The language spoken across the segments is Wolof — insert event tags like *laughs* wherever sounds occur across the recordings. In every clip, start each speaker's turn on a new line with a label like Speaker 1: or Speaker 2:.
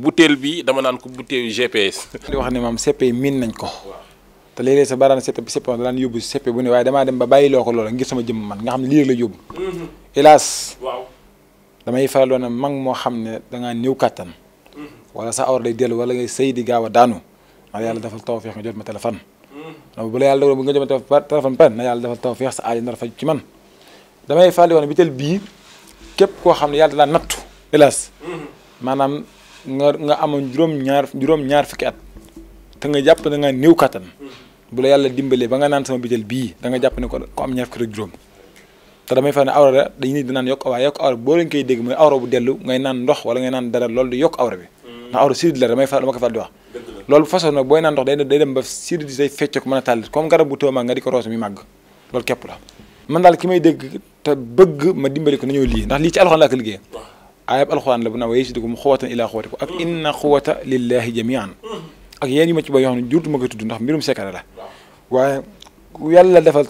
Speaker 1: butéel bi dama naan ko butéelu GPS. di wax ne moom CP miin nañ ko. te sa baraan CP bi CP daan yóbbu CP bu ne waaye damaa mm-hmm. moo xam ne dangaa néew kàttan.
Speaker 2: Mm-hmm.
Speaker 1: wala sa awra day dellu wala ngay sëy di gaaw a daanu. ndax yàlla defal tawfeex nga jot ma téléphone. Mm-hmm. bu la yàlla dogal bu nga jot ma téléphone na yàlla defal tawfeex sa aajo nar faj ci man. damay faral di wax ne bi bii képp koo xam ne yàlla da nattu hélas maanaam nga nga amoon juróom-ñaar juróom-ñaar fukki at te nga jàpp na nga néew kattan mm-hmm. bu la yàlla dimbalee ba nga naan sama bitel bii da nga jàpp ne ko ko am ñaar fukki ak juróom te damay fa ni yokk waaye yokk awra boo leen koy dégg bu dellu ngay naan ndox wala ngay naan dara loolu di yokk awra bi mm-hmm. ndax awra sidid la damay fa dama ko fal di wax loolu façon nag booy naan ndox day dem ba sidid say feccook mën a tàllit comme garab bu tëw nga di ko roos mi màgg loolu képp la man daal ki may dégg te bëgg ma dimbali ko nañoo lii ndax lii ci alxuraan ayab alxuraan la bu naan wa yasidukum xuwatan ilaa xuwatikum ak inna xuwata lillahi jamian ak yéen yu ma ci ba yoo xam ne jurtuma ko tudd ndax mbirum sekare la waaye yàlla defal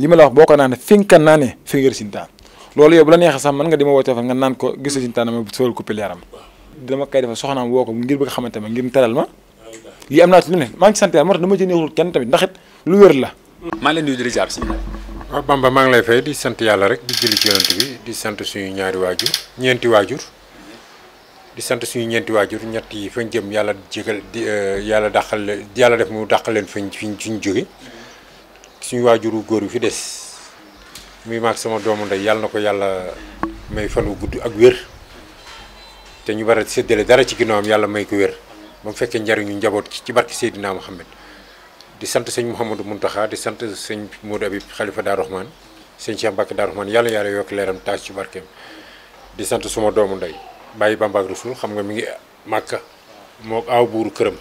Speaker 1: li ma la wax boo ko naan finkan naa ne fi ngër sintaan loolu yow la neexee sax mën nga di ma wootee fa nga naan ko gis sintaan ma sool ko pileeram dama koy defal soxnaam woo ko ngir bëgg xamante ma ngir teral ma lii am naa ci lu ne maa ngi sant yàlla moo tax dama ci neexul kenn tamit ndax it lu wér la maa leen nuyu di
Speaker 2: waaw maa ngi lay fay di sant yàlla rek di julli ci yonent bi di sant suñu ñaari waajur ñeenti waajur di sant suñu ñeenti waajur ñett yi fañ jëm yàlla jégal di euh, yàlla dàqal yàlla def mu dàqal leen fañ fiñ suñ jóge suñu waajuru góor yu fi des muy maag sama doomu ndey yàlla na ko yàlla may fan wu gudd ak wér te ñu war a dara ci ginnaawam yàlla may ko wér ba mu fekkee njariñu njaboot ci barke Seydina Muhammad di sant sëñ Mouhamadou Mountakha di sant sëñ Modou Abib xalifa Darou Rahman sëñ Cheikh Mbacke daal Rahman yàlla yàlla yokk leeram taas ci barkeem di sant suma doomu ndey bàyyi Bamba ak Rasul xam nga mi ngi màkka moo aaw këram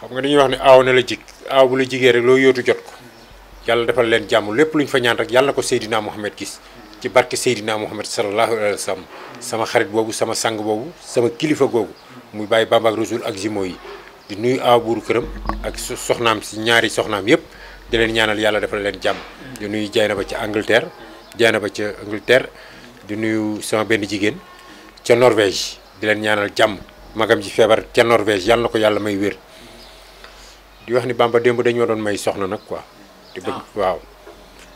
Speaker 2: xam nga dañuy wax ne aaw na la jig aaw bu la jigee rek loo yóotu jot ko yàlla defal leen jàmm lépp luñ fa ñaan rek yàlla na ko Seydina Mohamed gis ci barke Seydina Mohamed sallallahu alayhi wa sama xarit boobu sama sang boobu sama kilifa googu muy bàyyi Bamba ak ak jimo yi di nuyu aabuuru këram ak soxnaam si ñaari soxnaam yëpp di leen ñaanal yàlla defal leen jàmm. di nuyu Jaynaba ca Angleterre Jaynaba ca Angleterre di nuyu sama benn jigéen ca Norvège di leen ñaanal jàmm magam ji feebar ca Norvège yàlla na ko yàlla may wér. di wax ni Bamba démb dañu ma doon may soxna nag quoi. di bëgg ah. waaw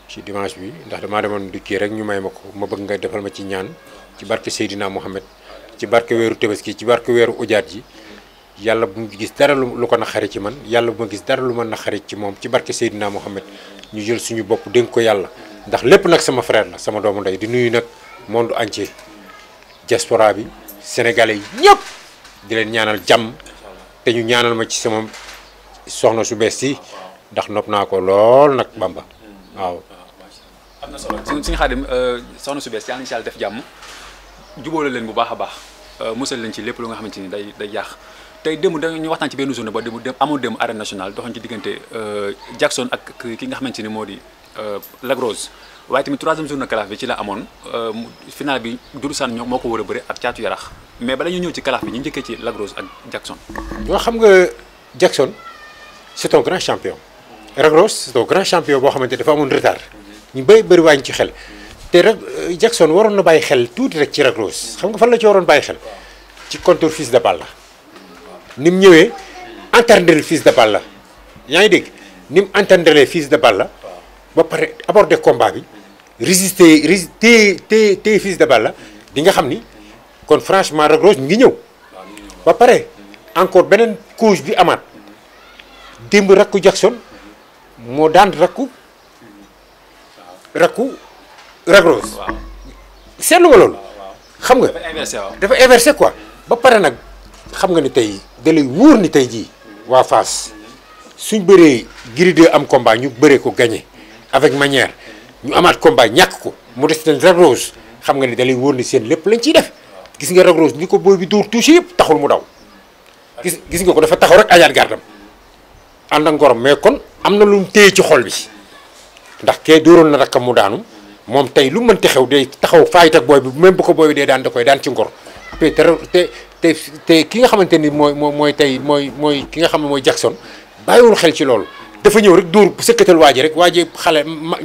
Speaker 2: ci dimanche bi ndax damaa demoon du kii rek ñu may ma ko ma bëgg nga defal ma ci ñaan ci barke Seydina Mohamed ci barke weeru Tabaski ci barke weeru ujaat ji. yàlla bu mu gis dara lu ko naqari ci man yàlla bu ma gis dara lu ma naqari ci moom ci barke Seydina Mohamed ñu jël suñu bopp dénk ko yàlla ndax lépp nag sama frère la sama doomu ndey di nuyu nag monde entier diaspora bi sénégalais ñëpp di leen ñaanal jàmm te ñu ñaanal ma ci sama soxna su bees si ndax nopp naa ko lool nag Bamba waaw.
Speaker 3: am na solo suñu xaadim euh, soxna su bees si yàlla def jàmm jubóole leen bu baax a baax. Euh, musal leen ci lépp lu nga xamante ni day day yàq tey démb dañu waxtaan ci benn journée ba démb amoon démb arène nationale doxoon ci diggante euh, Jackson ak ki nga xamante ni moo di euh, lagros waaye tamit troisième journée calaf bi ci la amoon final bi Doudou Sane ñoo moo ko war a bëri ak caatu yarax mais bala
Speaker 2: ñu ñëw ci calaf bi ñu njëkkee ci Lagrose ak Jackson. yoo xam nga Jackson c'est un grand champion. Lagrose c'est un grand champion boo xamante dafa amoon retard ñu bëri bëri wàññi ci xel. te rek Jackson waroon na bàyyi xel tuuti rek ci Lac Rose xam nga fan la ci waroon bàyyi xel ci contre Fils de Balla ni mu ñëwee entendre Fils de Balla yaa ngi dégg ni mu entendre Fils de Balla ba pare aborder combat bi résister résister té té Fils de Balla di nga xam ni kon franchement Lac ngi ñëw ba pare encore beneen couche bi amaat démb rakku Jackson moo daan rakku rakku Lac Rose waaw seetlu nga loolu. xam nga dafa inversé waaw dafa inversé quoi. ba pare nag xam nga ni tey dalay wóor ni tey jii waa Fass suñ bëree Gris 2 am combat ñu bëree ko gagné avec manière ñu amaat combat ñàkk ko mu des leen Lac Rose xam nga ni dalay wóor ni seen lépp lañ ciy def gis nga Lac ni ko booy bi dóor touché yëpp taxul mu daw gis gis nga ko dafa taxaw rek ajaat gardam ànd ak ngorom mais kon am na lu mu téye ci xol bi ndax kee dóoroon na rakkam mu daanu moom tey lu mënti xew day taxaw faayit ak booy bi même bu ko booy bi dee daan da koy daan ci ngor te te te ki nga xamante ni mooy mooy mooy tey mooy mooy ki nga xam ne mooy Jackson bàyyiwul xel ci loolu dafa ñëw rek dóor sëkkatal waa ji rek waa ji xale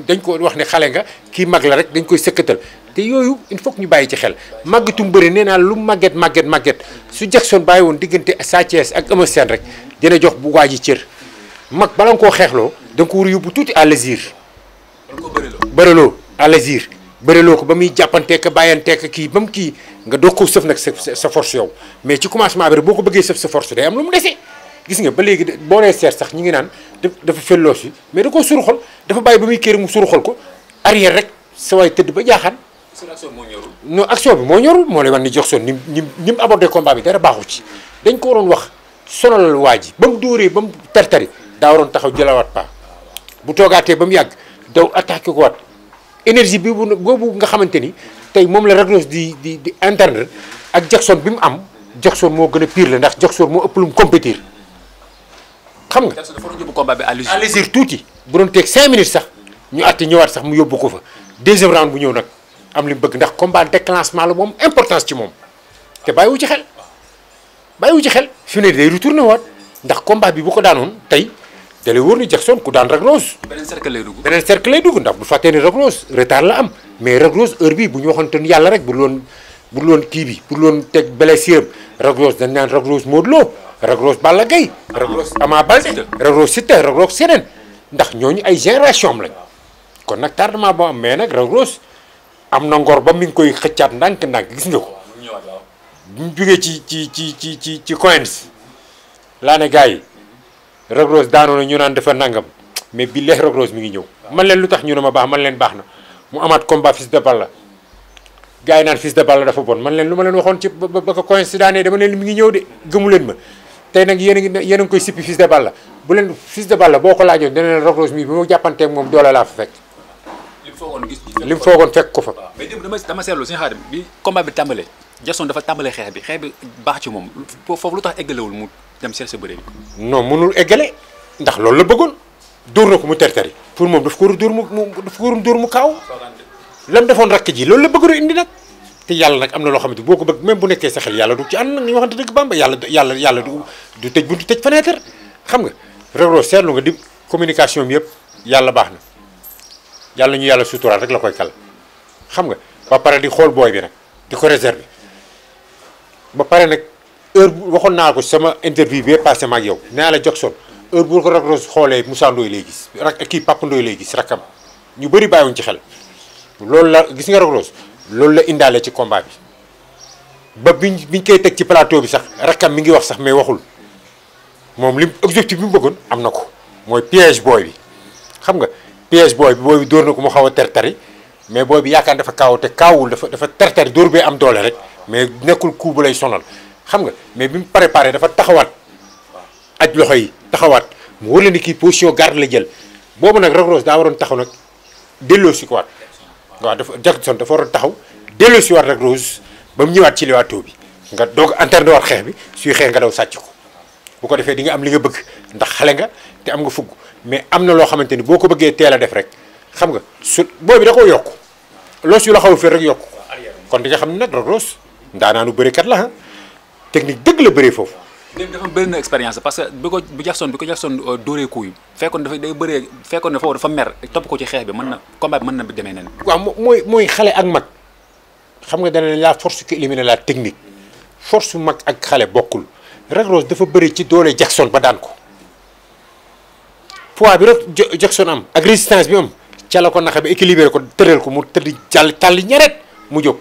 Speaker 2: dañ ko wax ne xale nga kii mag la rek dañ koy sëkkatal te yooyu il faut ñu bàyyi ci xel màggatum bëri nee naa lu màgget màgget màgget su Jackson bàyyi woon diggante Sa Thiès ak Eumeu Sène rek dina jox bu waa ji cër mag bala nga koo xeexloo da ko war yóbbu tuuti à loisir bëraloo alésir bëreloo ko ba muy jàppanteek bàyyanteek kii ba mu kii nga doog koo sëf nag sa sa force yow mais ci commencement bi boo ko bëggee sëf sa force day am lu mu dese gis nga ba léegi boo nee seet sax ñu ngi naan dafa felloo si mais da koo suruxal dafa bàyyi ba muy kër mu suruxal ko arrière rek sa waay tëdd ba jaaxaan non action bi moo ñorul moo lay wan ni jox soon ni ni ni mu abordé combat bi dara baaxu ci dañ ko waroon wax sonalal waa ji ba mu dóoree ba mu tartari daa waroon taxaw jëlawaat paa bu toogaatee ba mu yàgg daw attaqué ko waat énergie bi boobu nga xamante ni tey moom la Ragnos di di di interne ak Jackson bi mu am Jackson moo gën a pire la ndax Jackson moo ëpp lu mu xam nga. Jackson dafa doon yóbbu combat bi à l'usure tuuti. bu doon teg 5 minutes sax ñu àtte ñëwaat sax mu yóbbu ko fa deuxième round bu ñëw nag am li mu bëgg ndax combat déclenchement la moom importance ci moom te bàyyiwu ci xel bàyyiwu ci xel fi ne day retourné waat ndax combat bi bu ko daanoon tey. te li wóor Jackson ku daan Lac Rose. beneen cercle lay ndax bu fàttee ni Lac Rose retard la am mais Lac Rose heure bii bu ñu waxoon te yàlla rek bu loon bu loon kii bi bu loon teg blessure am Lac Rose dañ naan Lac Rose Modou Lo Rose Balla Gaye Lac Rose Ama Baldé Lac Rose Siteu Lac Rose seneen ndax ñooñu ay génération am lañ kon nag tardement boo am mais nag Lac am na ngor ba mi ngi koy xëccaat ndànk-ndànk gis nga ko bu mu jógee ci ci ci ci ci ci coins laa ne gars Reug Reug daanoona ñu naan dafa nangam mais bi leex Reug Reug mi ngi ñëw man leen lu tax ñu ne ma baax man leen baax na mu amaat combat Fils de Balla gars yi naan Fils de Balla dafa bon man leen lu ma leen waxoon ci ba ko coïncidence dama leen mi ngi ñëw de gëmu leen ma tey nag yéen a ngi yéen a ngi koy sippi Fils de Balla bu leen Fils de Balla boo ko laajoon dana leen Reug Reug mi bi ma jàppanteeg moom doole laa fa fekk li mu foogoon fekk ko fa
Speaker 3: mais démb dama dama seetlu si xaadim bi combat bi tàmbalee Jackson dafa tàmbalee xeex bi xeex bi baax ci moom foofu lu tax eggalewul mu dem seet sa bëre bi.
Speaker 2: non mënul eggale ndax loolu la bëggoon dóor na ko mu tertari pour moom daf ko war a dóor mu daf ko war dóor mu kaaw. lam defoon rakk ji loolu la bëggoon indi nag. te yàlla nag am na loo xam boo ko bëgg même bu nekkee sa yàlla du ci ànd ñu waxante dëgg bamba yàlla yàlla yàlla du du tëj buntu tëj fenêtre xam nga régloo seetlu nga di communication bi yëpp yàlla baax na yàlla ñu yàlla suturaal rek la koy kal xam nga ba pare di xool booy bi nag di ko réserver ba pare nag heure waxoon naa ko sama interview bi passé ma ak yow naa la jox son heure bu ko Lac xoolee Moussa Ndoye lay gis rak kii Papa Ndoye lay gis rakam ñu bëri bàyyiwuñ ci xel loolu la gis nga Lac Rose loolu la indaale ci combat bi ba bi biñ koy teg ci plateau bi sax rakam mi ngi wax sax mais waxul moom lim objectif bi mu bëggoon am na ko mooy piège booy bi xam nga piège booy bi booy bi dóor na ko mu xaw a tertari mais booy bi yaakaar dafa kaaw te kaawul dafa dafa tertari dóor bee am doole rek mais nekkul coup lay sonal xam nga mais bi mu préparé dafa taxawaat aj loxo yi taxawaat mu wóor la ni kii position garde la jël boobu nag Lac Rose daa waroon taxaw nag delloo si ko waat waaw dafa Jackson dafa waroon taxaw delloo si waat Lac Rose ba mu ñëwaat ci liwaatoo bi nga doog anterne waat xeex bi suy xeex nga daw sàcc ko bu ko defee di nga am li nga bëgg ndax nga am nga fugg mais am na loo xamante ni boo ko bëggee teel a def rek xam nga su boobu da koo yokk loos yu la xaw a féer rek yokk kon di nga xam ne nag Lac Rose ndaanaanu bërikat la ah. technique dëgg la bëree foofu.
Speaker 3: léegi dafa bëri na expérience parce que bi ko bi Jackson bi ko Jackson euh, dóoree kuy fekkoon dafa day bëree fekkoon dafa dafa mer topp ko ci xeex bi mën na combat bi mën na bi demee nen
Speaker 2: waaw mooy mooy xale ak mag xam nga dana la force qui élimine la technique force mag ak xale bokkul Lac Rose dafa bëri ci doole Jackson ba daan ko poids bi rek Jackson am ak résistance bi am ca la ko naxa bi équilibré ko tëral ko mu tëdd jàll tàll ñaret mu jóg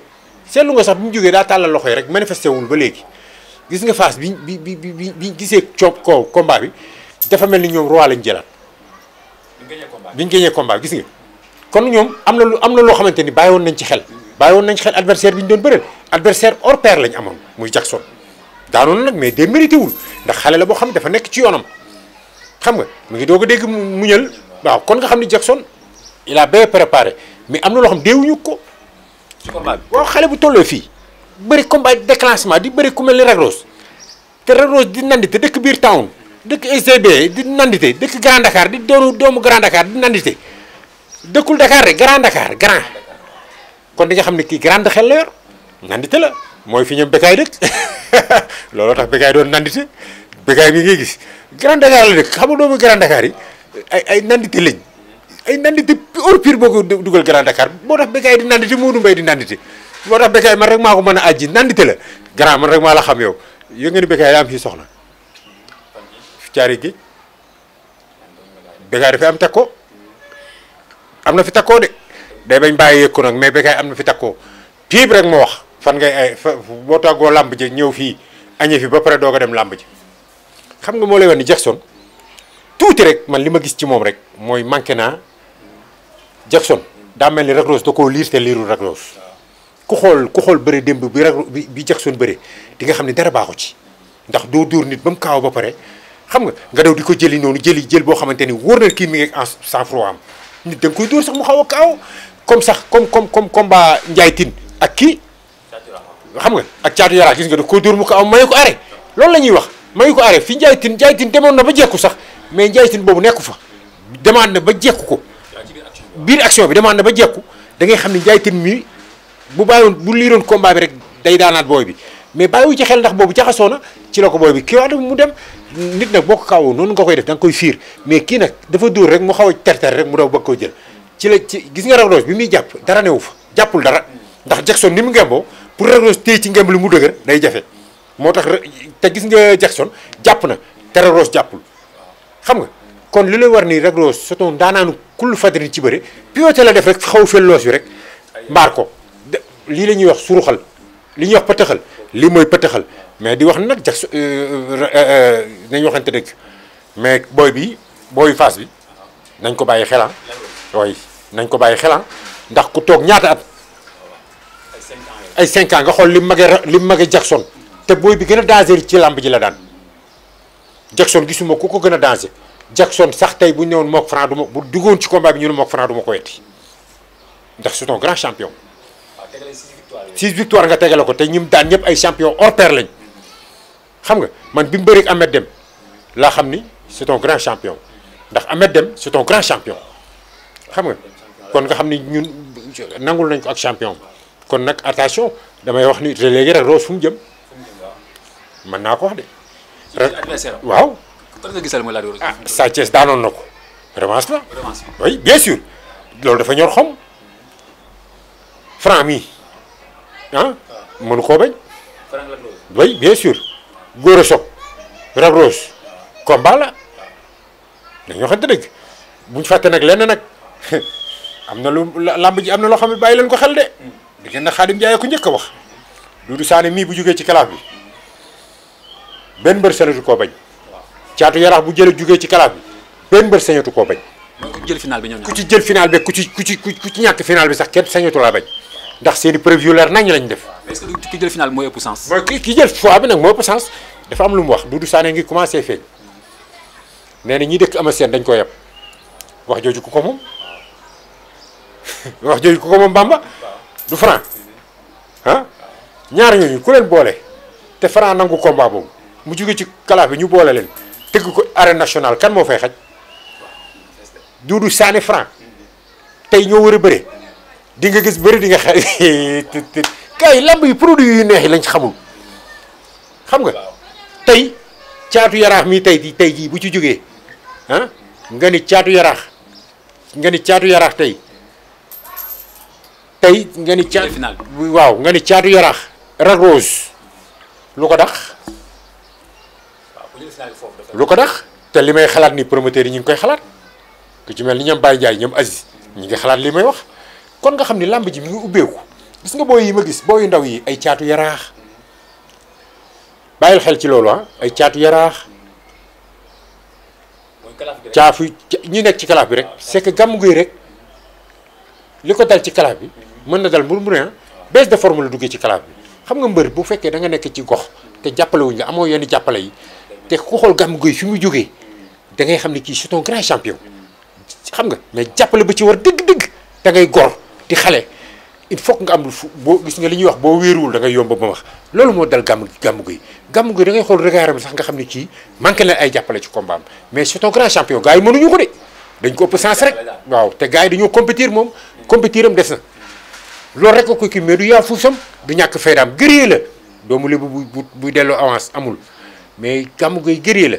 Speaker 2: seetlu nga sax bi mu jógee daa tàllal loxo yi rek manifesté wul ba léegi gis nga phase bi bi bi bi bi gisee coob koo combat bi dafa mel ni ñoom roi lañ jëlaat. bi ñu gañee combat gis nga. kon ñoom am na lu am na loo xamante ni bàyyi woon nañ ci xel. bàyyi woon nañ ci xel adversaire bi ñu doon bëreel adversaire hors pair lañ amoon muy Jackson. daanoon nag mais day mérité wul ndax xale la boo xam ne dafa nekk ci yoonam xam nga mu ngi doog a dégg muñal waaw kon nga xam ni Jackson il a bien préparé mais am na loo xam deewuñu ko. ci combat bi waaw xale bu tolloo fii. bëri combat déclenchement di bëri ku mel ni Ragros te Ragros di nandite dëkk biir town dëkk ECB di nandite dëkk Grand Dakar di doomu Grand Dakar di nandite dëkkul Dakar rek Grand Dakar grand kon di nga xam ne kii grande xel la yor nandite la mooy fi ñoom Bécaye dëkk *laughs* looloo tax Bécaye doon nandite Bécaye bi ngay gis Grand Dakar la dëkk xam nga doomu Grand Dakar yi ay ay nandite lañ ay nandite au pire boo ko dugal Grand Dakar boo tax Bécaye di nandite Modou Mbaye moo tax Bécaye man rek maa ko mën a àjji nandite la grand man rek maa la xam yow yëg nga ni Bécaye daa am fii soxna caari gi Bécaye dafa am takko am na fi takkoo de day bañ bàyyi yëg ko nag mais Bécaye am na fi takkoo piib rek moo wax fan ngay ay fa boo tàggoo làmb ji ñëw fii añee fi ba pare doog a dem làmb ji xam nga moo lay wax ni Jackson tuuti rek man li ma gis ci moom rek mooy manqué naa Jackson daa mel ni Reug Rose da koo liir te liirul ku xool ku xool bëre démb bi bi bi Jackson bëre di nga xam ne dara baaxu ci ndax doo dóor nit ba mu kaaw ba pare xam nga nga daw di ko jëli noonu jëli jël boo xamante ni wóor na kii mi ngi en sang froid am nit da nga koy dóor sax mu xaw a kaaw comme sax comme comme comme combat Ndiaye ak kii xam nga ak caatu yaraa gis nga daf ko dóor mu kaaw mayu ko arrêt loolu la ñuy wax mayu ko arrêt fi Ndiaye Tine Ndiaye Tine demoon na ba jekku sax mais Ndiaye Tine boobu nekku fa demande na ba jekku ko biir action bi demande na ba jekku da ngay xam ne Ndiaye Tine mi bu bàyyiwoon bu liiroon combat bi rek day daanaat booy bi mais bàyyiwu ci xel ndax boobu jaxasoo na ci la ko booy bi kii waat mu dem nit nag boo ko kaawoo noonu nga koy def danga koy fiir mais kii nag dafa dóor rek mu xaw a terter rek mu daw bëgg koo jël ci la ci gis nga raglose bi muy jàpp dara newu fa jàppul dara ndax Jackson ni mu ngemboo pour raglose téye ci ngemb li mu dëgër day jafe moo tax te gis nga Jackson jàpp na te raglose xam nga kon li lay war ni raglose soton daanaanu kul fadrin ci bëre pivoté la def rek xaw fel loos bi rek mbaar ko lii la ñuy wax suruxal li ñuy wax pëtëxal lii mooy pëtëxal mais di wax nag jax euh, euh, euh, nañ waxante dëgg mais booy bi booy Fass bi nañ ko bàyyi xelan way nañ ko bàyyi xelan ndax ku toog ñaata at ay 5 ans nga xool li mage li mage Jackson te booy bi gën a danger ci làmb ji la daan Jackson gisuma ku ko gën a danger Jackson sax tey bu ñëwoon mook Franc du ma bu duggoon ci combat bi ñu ne mook Franc du ko wetti ndax su un grand champion six victoire nga tegale ko te ñim daan ñëpp ay champion hors pair lañ xam nga man bi mu bëri ak Dem laa xam ni c'est un grand champion ndax Ahmed Dem c'est un grand champion xam nga kon nga xam ni ñun nangul nañ ko ak champion kon nag attention damay wax ni te léegi Rose fu mu jëm mën naa ko wax de. waaw. ah Sa Thiès daanoon na ko revanche la oui bien sûr loolu dafa ñor xom franc mii ah, mënu koo bañ. franc Lac Rose. oui bien sûr góor a soog Lac Rose combat la dañoo waxante dëgg buñ fàtte nag lenn nag *laughs* am na lu làmb ji am na loo xam ne bàyyi leen ko xel de di ngeen na Xaadim Njaay ko njëkk a wax du Sané mii bu jógee ci kalaaf bi benn mbër sañatu koo bañ caatu yarax bu jëlee jógee ci kalaaf bi benn mbër sañatu koo bañ.
Speaker 3: ku ci jël final bi ku
Speaker 2: ci jël final bi ku ci ku ci ñàkk final bi sax kenn sañatu laa bañ. ndax seen i preuve yu leer nañ def. mais est-ce que ki jël final mooy ëpp sens. mooy ki sens dafa am lu mu wax Doudou Sané ngi commencé feeñ nee ñi dëkk ama seen dañ koy yeb wax jooju ku ko moom *laughs* wax jooju ku ko moom Bamba du Franc ah ñaar ñu ku leen boole te Franc nangu combat boobu mu jóge ci kalaaf bi ñu boole leen tegu ko arène nationale kan moo fay xaj Doudou Sané Franc tey ñoo war a bëre. di nga gis bëri di nga xay *laughs* kay yu produit yu neex yi lañ xamul xam nga tey caatu yaraax mii tey di tey jii bu ci jógee ah nga ni caatu yaraax nga ni caatu yaraax tey tey nga ni caatu final waaw nga ni caatu yaraax Lac lu ko dax lu ko dax te li may xalaat nii promoteurs yi ñu ngi koy xalaat ku ci mel ni ñoom Baye Ndiaye ñoom Aziz ñu ngi xalaat li may wax kon nga xam ni làmb ji mi ngi ubbeeku gis nga booy yi ma gis booy ndaw yi ay caatu yaraax bàyyil xel ci loolu ah ay caatu yaraax caafu ñi nekk ci kalaaf bi rek ah, c'est que gàmmu guy rek li ko dal ci kalaaf bi mën na dal mbur mbur ah. baisse de forme la duggee ci kalaaf bi xam nga mbër bu fekkee da nga nekk ci gox te jàppale wuñ la amoo yenn jàppale yi te ku xool gàmmu guy fi mu jógee da ngay xam ni kii c'est un grand champion xam nga mais jàppale ba ci war dëgg-dëgg da ngay di xale il faut nga am lu fu boo gis nga li ñuy wax boo wéeruwul da ngay yomb ba wax loolu moo dal gàmm gàmm guy gàmm guy da ngay xool regardam sax nga xam ne kii manqué leen ay jàppale ci combat am mais c'est un grand champion gars yi mënuñu ko de dañ ko ëpp sens rek waaw te gars dañoo compétir moom compétir des na loolu rek ko kii mais du yaa fuusam du ñàkk faydaam gëree la doomu lébu bu buy delloo avance amul mais gàmm guy gëree la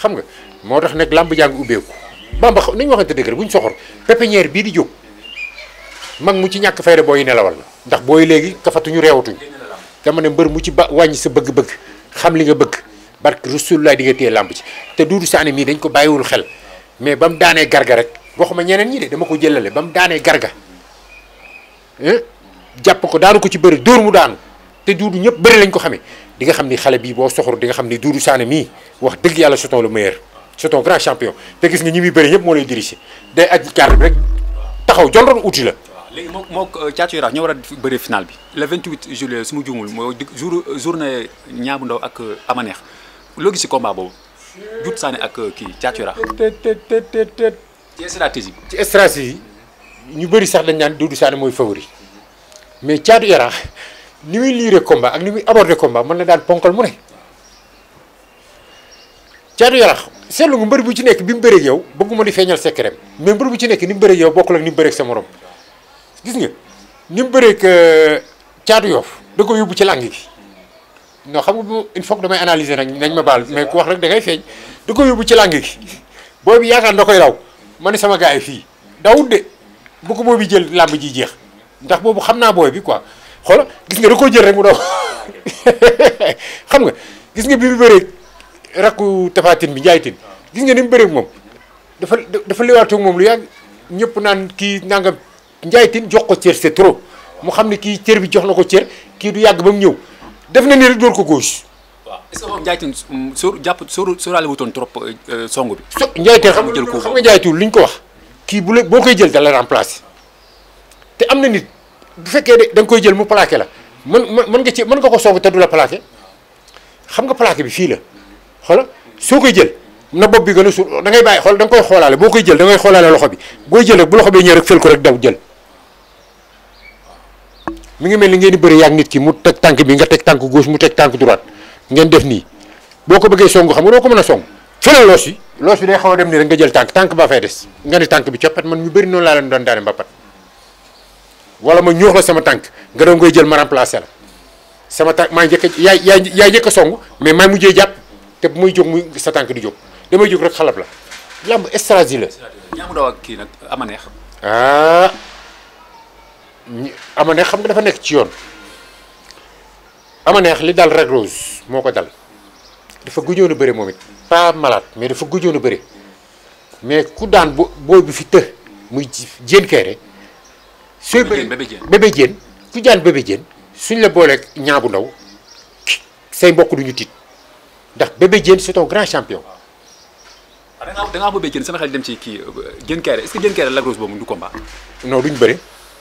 Speaker 2: xam nga moo tax nag làmb jàng ubbeeku bamba nañu waxante dëgg rek bu ñu soxor pépinière bii di jóg mag mu ci ñàkk fayda booy nelawal la ndax booy léegi kafatuñu reewatuñ dama ne mbër mu ci ba wàññi sa bëgg-bëgg xam li nga bëgg barke Rasulullah di nga téye làmb ci te Doudou Sané mii dañ ko bàyyiwul xel mais ba mu daanee garga rek waxuma ñeneen ñi de dama ko jëlale ba mu daanee garga jàpp ko daanu ko ci bëri dóor mu daanu te Doudou ñëpp bëri lañ ko xamee di nga xam ni xale bii boo soxor di nga xam ni Doudou Sané mii wax dëgg yàlla c'est le meilleur c'est un grand champion gis nga ñi muy bëri ñëpp moo lay dirigé day aji carte bi rek taxaw jonroon uti la
Speaker 3: léegi moo moo Caatu euh, Yaraax ñoo war a bëre final bi le 28 juillet su ma juumul mooy jour journée ñaabu ndaw ak euh, amaneex loo gis si combat boobu Doudou Sané ak euh, kii Caatu Yaraax.
Speaker 2: ci stratégie ci stratégie ñu bëri sax dañ naan Doudou Sané mooy favori mais Caatu Yaraax ni muy liire combat ak ni muy aborder combat mën na daan ponkal mu ne. Caatu Yaraax seetlu nga mbër bu ci nekk bi mu bëreeg yow bëgguma di feeñal secret mais mbër bu ci nekk ni mu bëreeg yow bokkul ak ni mu sa morom. gis nga ni mu bëree que caatu euh, yoof da ko yóbbu ci làng gi non xam nga il faut que damay analyser nañ ma baal mais ku wax rek da ngay feeñ da ko yóbbu ci làng gi boobu yaakaar da koy raw ma ne sama gaa yi fii daw de bu ko boobu jël làmb ji jeex ndax boobu xam naa booy bi quoi xool gis nga da koo jël rek mu daw *laughs* xam nga gis nga bi mu bëree rakku tafaatin bi njaaytin gis nga ni mu bëree moom dafa dafa liwaatoo moom lu yàgg ñëpp naan kii nangam. Ndiaye Tine jox ko cër c'est trop mu xam ne kii cër bi jox na ko cër kii du yàgg ba mu ñëw def na ni rek door ko gauche.
Speaker 3: waaw est-ce que Ndiaye Tine jàpp sóor sóoraale wutoon trop euh, euh, song bi. so Ndiaye Tine xam nga xam
Speaker 2: nga Ndiaye li ñu ko wax kii bu la boo koy jël da la remplacer te am na nit bu fekkee de da koy jël mu plaqué la mën mën nga ci mën nga ko song te du la plaqué xam nga plaqué bi fii la xoola soo koy jël na bopp bi gën a suur da ngay bàyyi xool koy xoolaale boo koy jël da ngay xoolaale loxo bi booy jël rek bu loxo bee ñëw ko rek daw jël. mi ngi mel ni ngeen di bëri yàgg nit ki mu teg tànk bi nga teg tànk gauche mu teg tànk droite ngeen def nii boo ko bëggee song xam nga doo ko mën a song fële loos yi loos bi day xaw dem nii rek nga jël tànk tànk baa fay des nga ni tànk bi coppat man ñu bëri noonu laa leen doon daane mbappat wala ma ñoox la sama tànk nga doon koy jël ma remplacer la sama tànk maa njëkk yaay yaay yaay njëkk a song mais maa mujjee jàpp te bu muy jóg muy sa tànk di jóg damay jóg rek xalab la lamb stratégie la.
Speaker 3: yaa mu ak kii nag ama neex.
Speaker 2: ah. Amaneex xam nga dafa nekk ci yoon neex li daal Lac moo ko dal dafa gëjoon a bëri moom it pas malade mais dafa gëjoon a bëri mais ku daan bo booy bi fi të muy jéen kere sooy bëri bébé jéen ku daan bébé jéen suñ la booleeg ñaabu ndaw say mbokk duñu tiit ndax bébé jéen c'est un grand champion
Speaker 3: ah, da ngaa da ngaa bëggee jën
Speaker 2: ci kii jën kayre est-ce que jën kayre Lac Rose boobu du bëri.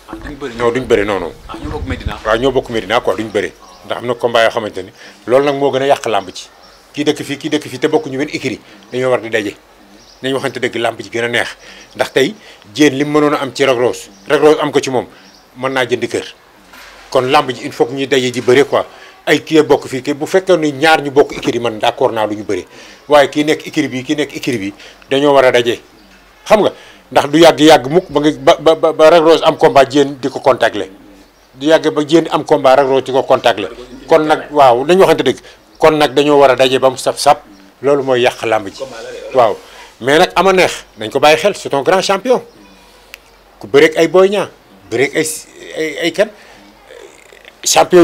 Speaker 2: Ah, non duñ bëri non non ah, waaw ñoo bokk Medina quoi duñ bëri ndax am na combat yoo xamante ni loolu nag moo gën a yàq làmb ci kii dëkk fii kii dëkk fii te bokkuñu benn écurie dañoo war di daje nañ waxante dëgg làmb ci gën a neex ndax tey jéen li mu mënoon a ci Reug Reug am ko ci moom mën naa jënd kër kon làmb ji il faut que ñuy daje ji bëri quoi ay kii bokk fii kii bu fekkee ni ñaar ñu bokk écurie man d'accord naa lu ñu bëri waaye kii nekk écurie bi kii nekk écurie bi dañoo war a daje xam nga ndax du yàgg yàgg mukk ba nga ba ba ba Lac am combat jéen di ko contacter du yàgg ba jéen am combat Lac Rose di ko contacter kon nag waaw dañu waxante dëgg kon nag dañoo war a daje ba mu sap sap loolu mooy yàq làmb ji waaw mais nag amaa neex dañ ko bàyyi xel c'est un grand champion ku bëreeg ay Boy Niang ay ay ay kan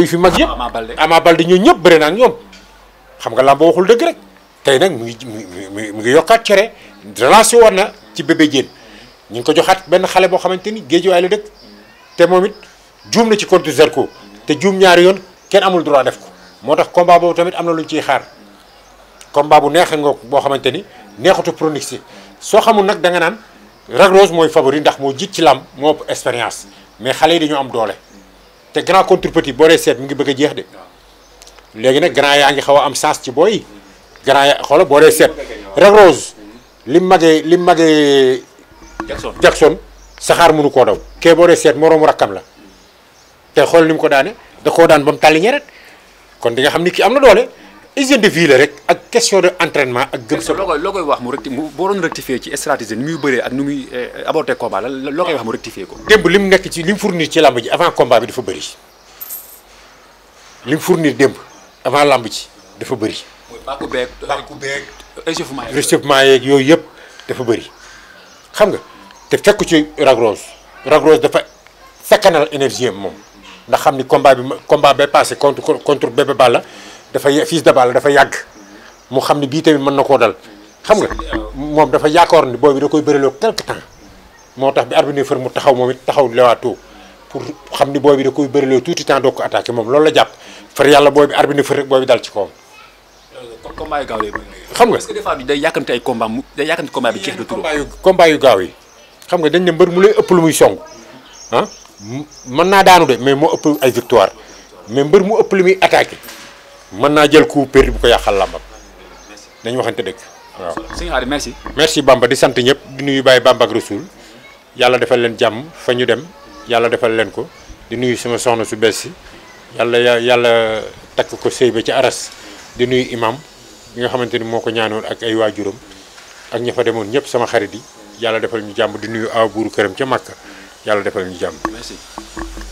Speaker 2: fi mag yëpp Ama Baldé ñoo ñëpp bëre naa ak ñoom xam nga làmb waxul dëgg rek tey nag mu ngi mu ngi mu ngi yokkaat cere relancé woon na ci bébé jéen ñu ngi ko joxaat benn xale boo xamante ni géejuwaay la dëkk te moom it juum na ci compte Zarko te juum ñaari yoon kenn amul droit def ko moo tax combat boobu tamit am na lu ñu ciy xaar combat bu neex nga boo xamante ni neexatu pronostic soo xamul nag da nga naan ragrose mooy favori ndax moo jiit ci làmb moo ëpp expérience mais xale yi dañoo am doole te grand contre boo dee seet mu ngi bëgg a jeex de léegi nag grand yaa ngi xaw a am chance ci booy grand ya xoola boo dee seet ragrose li Jackson Jackson saxaar mënu koo daw. kee boo dee seet moroomu rakkam la te xool ni mu ko daane da koo daan ba mu tàlli ñeret kon di nga xam ni ki am na doole hygiène de vie la rek ak question de entraînement ak. gëm sa loo koy wax mu recti mu boo doon rectifier ci stratégie ni muy bëree ak nu muy eh, aborder combat la loo koy wax mu rectifier ko. démb lim nekk ci lim fournir ci làmb ji avant combat bi dafa bëri lim fournir démb avant làmb ji dafa bëri.
Speaker 3: mooy bàkku beeg bàkku beeg euh,
Speaker 2: échauffement yeeg yooyu yëpp dafa bëri nga. te fekk ci ragrose ragrose dafa sakkanal énergie am moom ndax xam ni combat bi combat bay passé contre contre bébé Balla dafa fils de Balla yàgg mu xam ni bii tamit mën na koo dal xam nga moom dafa yaakaar ni boobu da koy bëriloo quelque moo tax bi arbitre fër mu taxaw moom it taxaw lewaatoo pour xam ni boobu da koy bëriloo tuuti temps moom loolu la jàpp far yàlla boobu arbitre fër rek boobu dal ci kawam
Speaker 3: combat yu gaaw lay bëri xam nga est-ce que des fois day yàkkamti ay
Speaker 2: yu gaaw yi xam nga dañ ne mbër mu lay ëpp lu muy song ah mën naa daanu de mais moo ëpp ay victoire mais mbër mu ëpp lu muy attaqué mën naa jël coup perdu bu ko yàqal làmbam dañu waxante dëgg waaw. sëñ Khady merci. bàmba di sant ñëpp di nuyu Baye Bamba ak Rasoul yàlla defal leen jàmm fa ñu dem yàlla defal leen ko di nuyu sama soxna su bees si yàlla yàlla takk ko sëy ba ci aras di nuyu imam bi nga xamante ni moo ko ñaanoon ak ay waajuram ak ña fa demoon ñëpp sama xarit yi. yàlla defal ñu jàmm di nuyu aw buuru këram ca màkk yàlla defal ñu jàmm. merci.